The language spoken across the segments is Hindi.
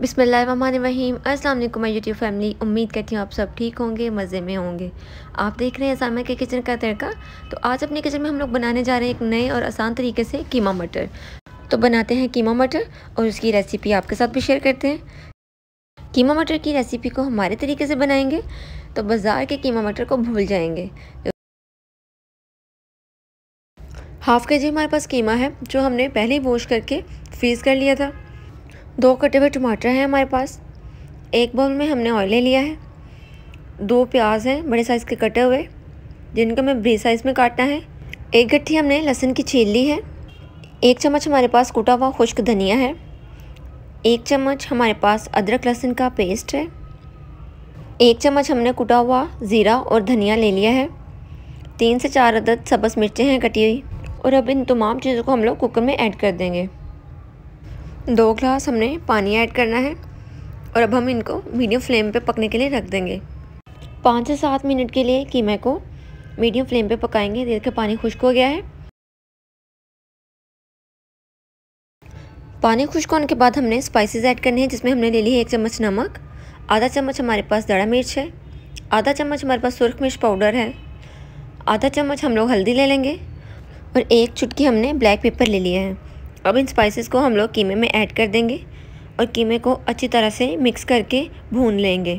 बिसमीम अस्सलाम वालेकुम मैं यूट्यूब फैमिली उम्मीद करती हूँ आप सब ठीक होंगे मज़े में होंगे आप देख रहे हैं सामा के किचन का तड़का तो आज अपने किचन में हम लोग बनाने जा रहे हैं एक नए और आसान तरीके से कीमा मटर तो बनाते हैं कीमा मटर और उसकी रेसिपी आपके साथ भी शेयर करते हैं कीमा मटर की रेसिपी को हमारे तरीके से बनाएंगे तो बाज़ार के कीमा मटर को भूल जाएंगे हाफ़ के जी हमारे पास कीमा है जो हमने पहले ही वॉश करके फ्रीज़ कर लिया था दो कटे हुए टमाटर हैं हमारे पास एक बाउल में हमने ऑयल ले लिया है दो प्याज हैं बड़े साइज़ के कटे हुए जिनको हमें बड़ी साइज़ में काटना है एक गट्ठी हमने लहसुन की छील ली है एक चम्मच हमारे पास कूटा हुआ खुश्क धनिया है एक चम्मच हमारे पास अदरक लहसुन का पेस्ट है एक चम्मच हमने कूटा हुआ ज़ीरा और धनिया ले लिया है तीन से चार अदद सब्ज़ मिर्चें हैं कटी हुई और अब इन तमाम चीज़ों को हम लोग कुकर में ऐड कर देंगे दो ग्लास हमने पानी ऐड करना है और अब हम इनको मीडियम फ्लेम पे पकने के लिए रख देंगे पाँच से सात मिनट के लिए कीमे को मीडियम फ्लेम पे पकाएंगे के पानी खुश्क हो गया है पानी खुश्क होने के बाद हमने स्पाइसेस ऐड करने हैं जिसमें हमने ले ली है एक चम्मच नमक आधा चम्मच हमारे पास दड़ा मिर्च है आधा चम्मच हमारे पास सुरख मिर्च पाउडर है आधा चम्मच हम लोग हल्दी ले लेंगे और एक चुटकी हमने ब्लैक पेपर ले लिया है अब इन स्पाइसेस को हम लोग कीमे में ऐड कर देंगे और कीमे को अच्छी तरह से मिक्स करके भून लेंगे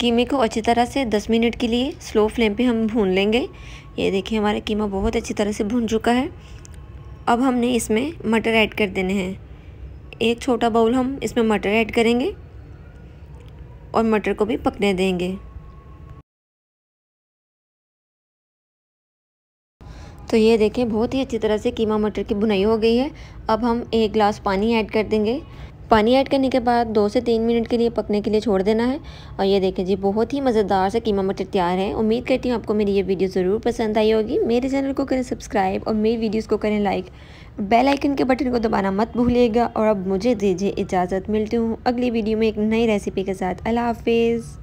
कीमे को अच्छी तरह से 10 मिनट के लिए स्लो फ्लेम पे हम भून लेंगे ये देखिए हमारा कीमा बहुत अच्छी तरह से भून चुका है अब हमने इसमें मटर ऐड कर देने हैं एक छोटा बाउल हम इसमें मटर ऐड करेंगे और मटर को भी पकने देंगे तो ये देखें बहुत ही अच्छी तरह से कीमा मटर की बुनाई हो गई है अब हम एक गिलास पानी ऐड कर देंगे पानी ऐड करने के बाद दो से तीन मिनट के लिए पकने के लिए छोड़ देना है और ये देखें जी बहुत ही मज़ेदार से कीमा मटर तैयार है उम्मीद करती हूँ आपको मेरी ये वीडियो ज़रूर पसंद आई होगी मेरे चैनल को करें सब्सक्राइब और मेरी वीडियोस को करें लाइक बेल आइकन के बटन को दबाना मत भूलिएगा और अब मुझे दीजिए इजाज़त मिलती हूँ अगली वीडियो में एक नई रेसिपी के साथ अल्लाह हाफिज़